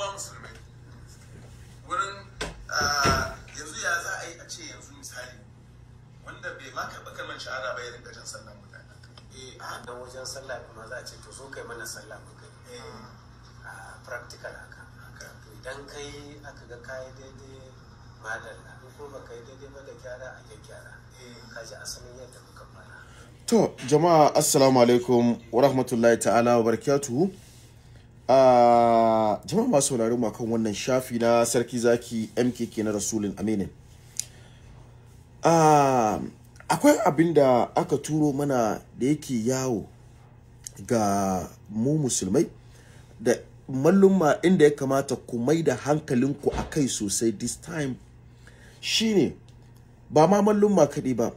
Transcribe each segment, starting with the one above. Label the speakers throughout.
Speaker 1: uwa musulmai wurin ah, yanzu ya za a yi a ce yanzu misali wanda bai ma karɓa kalmar shahara ba ya rinka jan sallah mutane eh a dan wajen sallah kuma za a ce to zo kai mana sallah mu gani eh. a ah, practical
Speaker 2: haka to idan kai aka ga kai daidai madalla in kuma yi daidai ba da gyara a gyara eh. ka ji asalin yadda muka
Speaker 1: fara to jama'a assalamu alaikum wa rahmatullahi ta'ala wa barakatuhu a jama'a masu sauraro mu kan wannan shafi na sarki zaki mkk na rasulun amini akwai abin da aka turo mana da yake yawo ga mu musulmai da malluma inda ya kamata ku mai da hankalinku a kai sosai this time shine ba ma malluma kaɗai ba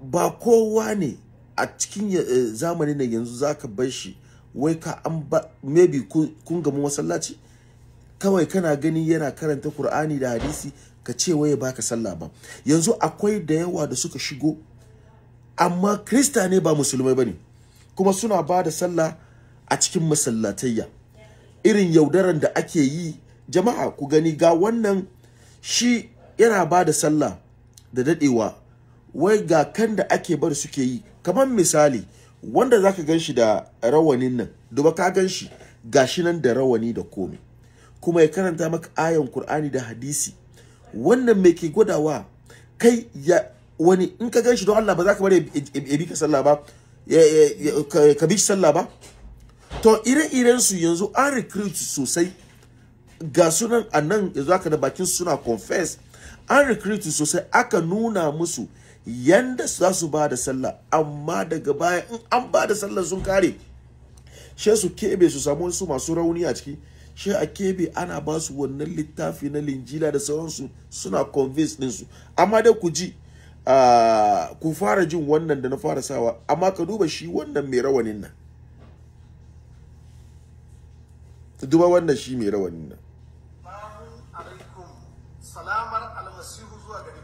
Speaker 1: ba kowa ne a cikin eh, zamanin da yanzu zaka bar shi wai ka an ba maybe kun gamu masallaci kawai kana gani yana karanta Kur'ani da hadisi ka ce wai ya baka sallah ba yanzu akwai da yawa da suka shigo amma krista ne ba musulmai bane kuma suna ba da sallah a cikin masallatayya irin yaudaran da ake yi jama'a ku gani ga wannan shi yana ba da sallah da dadewa wai ga kan da ake bar suke yi kamar misali wanda zaka gan shi da rawanin nan duba ka gan shi gashi nan da rawani da komai kuma ya karanta maka ayan Kur'ani da hadisi wannan me ke gwadawa kai ya wani in ka gan shi don Allah ba za ka bari ya bi ka sallah ba ka bi sallah ba to ire-iren su yanzu an recruit sosai ga sunan a nan yanzu aka da bakin suna confess an recruit sosai aka nuna musu yanda za su ba da sallah amma daga baya in an ba da sallah sun kare she su kebe su samu su masu rauni a ciki she a kebe ana ba su wannan littafi na linjila da sauransu suna convince su amma dai ku ji ku fara jin wannan da na fara sawa amma ka duba shi wannan mai rawanin nan duba wannan shi mai rawanin nan
Speaker 2: salamar almasihu zuwa gari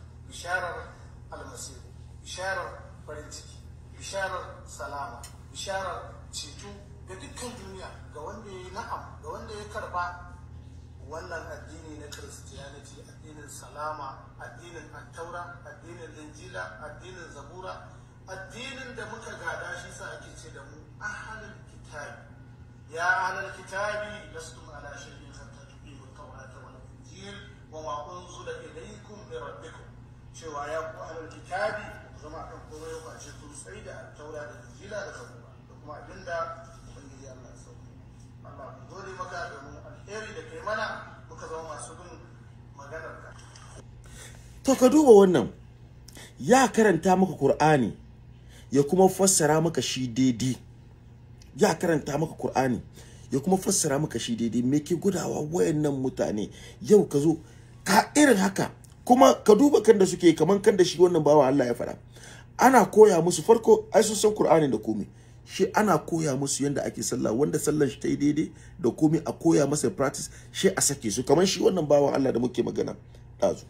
Speaker 2: bisharar almasiru bisharar farin ciki bisharar salama bisharar ceto ga dukkan duniya ga wanda ya yi na'am ga wanda ya karba wannan addini na christianity addinin salama addinin attaura addinin linjila addinin zabura addinin da muka gada shi sa ake ce da mu ahalul kitabi ya ahalul kitabi cewa ya ku alal kitabi zama kan komai ya kwace ku sai da taura da injila da zabura da kuma abinda ubangiji Allah ya sauke Allah ku gode maka mu alheri da kai mana muka zama masu bin
Speaker 1: maganar ka to ka duba wannan ya karanta maka Qur'ani ya kuma fassara maka shi daidai ya karanta maka Qur'ani ya kuma fassara maka shi daidai me ke gudawa wayannan mutane yau ka zo ka irin haka kuma ka duba kan da suke kaman kan da shi wannan bawa Allah ya fara ana koya musu farko ai sun san Qur'ani da komai shi ana koya musu yanda ake sallah wanda sallar shi ta yi daidai da komai a koya masa practice shi a sake su kaman shi wannan bawa Allah da muke magana dazu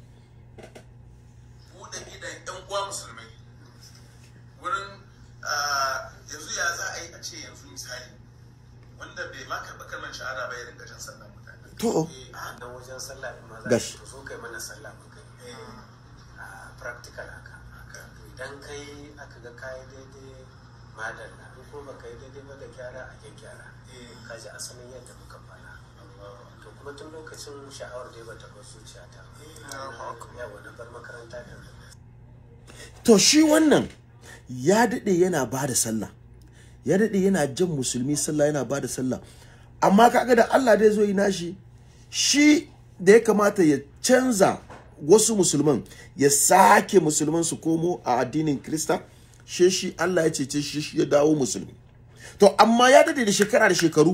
Speaker 1: yanzu ya za a yi a ce yanzu misali wanda bai ma karɓi kalmar shahada ba ya rinka jan sallah mutane. Eh, a da wajen sallah ma za zo kai mana sallah practical haka
Speaker 2: idan kai aka ga kayi daidai madalla na ko ba kai daidai ba da gyara a gyara eh. ka ji asalin yadda muka fara to kuma tun lokacin sha'awar dai ba ta bar zuciya ta eh, yawa na bar makaranta da
Speaker 1: to shi wannan ya daɗe yana ba da sallah ya daɗe yana jan musulmi sallah yana ba da sallah amma kaga da Allah dai zo yi nashi shi da ya kamata ya canza wasu musulman ya sake musulman su komo a addinin krista she shi Allah ya cece shi shi ya dawo musulmi to amma ya dade da shekara da shekaru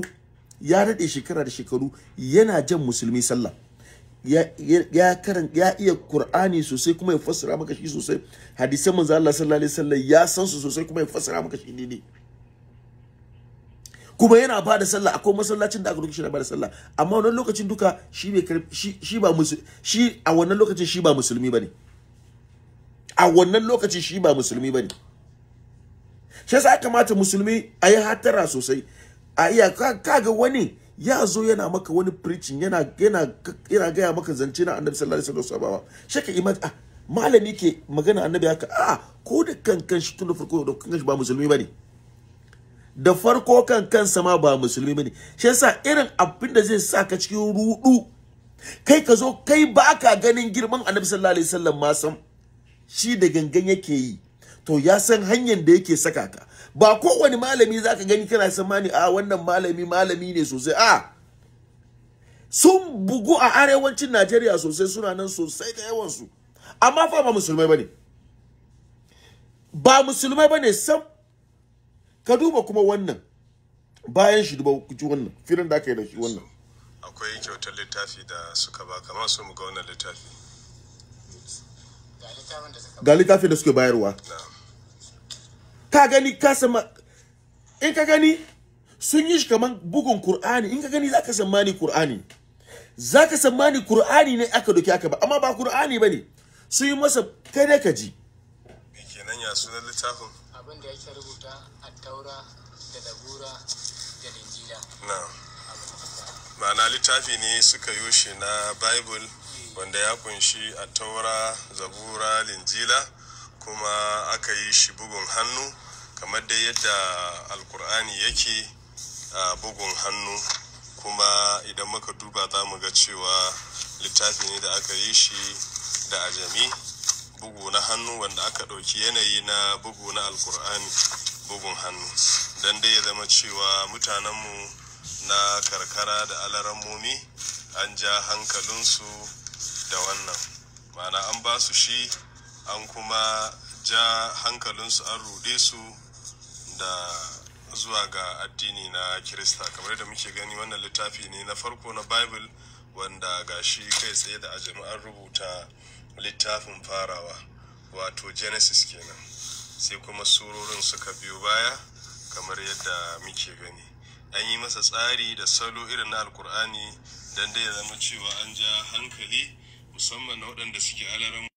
Speaker 1: ya dade shekara da shekaru yana jan musulmi sallah ya karan ya iya Qur'ani sosai kuma ya fassara maka shi sosai hadisan manzo Allah sallallahu alaihi wasallam ya san su sosai kuma ya fassara maka shi ne kuma yana ba da sallah akwai masallacin da aka duka shi na ba da sallah amma wannan lokacin duka shi bai shi ba shi a wannan lokacin shi ba musulmi bane a wannan lokacin shi ba musulmi bane shi yasa kamata musulmi a yi hatara sosai a iya kaga wani ya zo yana maka wani preaching yana yana yana gaya maka zance na annabi sallallahu alaihi wasallam shi ka imani ah malami ke magana annabi haka ah ko da kankan shi tun da farko da kankan shi ba musulmi bane ne da farko kan kansa ma ba musulmi bane shi yasa irin abin da zai saka cikin rudu kai ka zo kai ba ka ganin girman annabi sallallahu alaihi wasallam ma san shi da gangan yake yi to ya san hanyar da yake saka ka ba kowane malami zaka gani kana samani a ah, wannan malami malami ne sosai a sun bugu a arewacin Najeriya sosai suna nan sosai da yawansu. su amma fa ba musulmai bane ba musulmai bane sam ka duba kuma wannan bayan shi duba kuci wannan filin da aka yi da shi wannan
Speaker 3: akwai kyautar littafi da suka ba kamar su mu ga wannan littafi
Speaker 1: ga littafi da suke bayarwa ka gani ka sama in ka gani sun yi shi kamar bugun Kur'ani in ka gani za ka sammani Kur'ani za ka sammani Kur'ani ne aka doki aka ba amma ba Kur'ani ba ne sun yi masa kada ka ji
Speaker 3: kenan ya sunan littafin
Speaker 2: abin da yake rubuta a taura da dabura da
Speaker 3: linjila ma'ana littafi ne suka yoshe na bible wanda ya kunshi a taura zabura linjila kuma aka yi shi bugun hannu kamar da yadda alkur'ani yake a bugun hannu kuma idan muka duba za mu ga cewa littafi ne da aka yi shi da ajami bugu na hannu wanda aka ɗauki yanayi na bugu na alkur'ani bugun hannu don dai ya zama cewa mutanenmu na karkara da alarammomi an ja hankalinsu da wannan ma'ana an ba su shi an kuma ja hankalinsu an rude su da zuwa ga addini na kirista kamar da muke gani wannan littafi ne na farko na bible wanda ga shi kai tsaye da a jama'ar rubuta littafin farawa wato genesis kenan sai kuma surorin suka biyo baya kamar yadda muke gani an yi masa tsari da salo irin na alkur'ani don dai ya zama cewa an ja hankali musamman na waɗanda suke alaran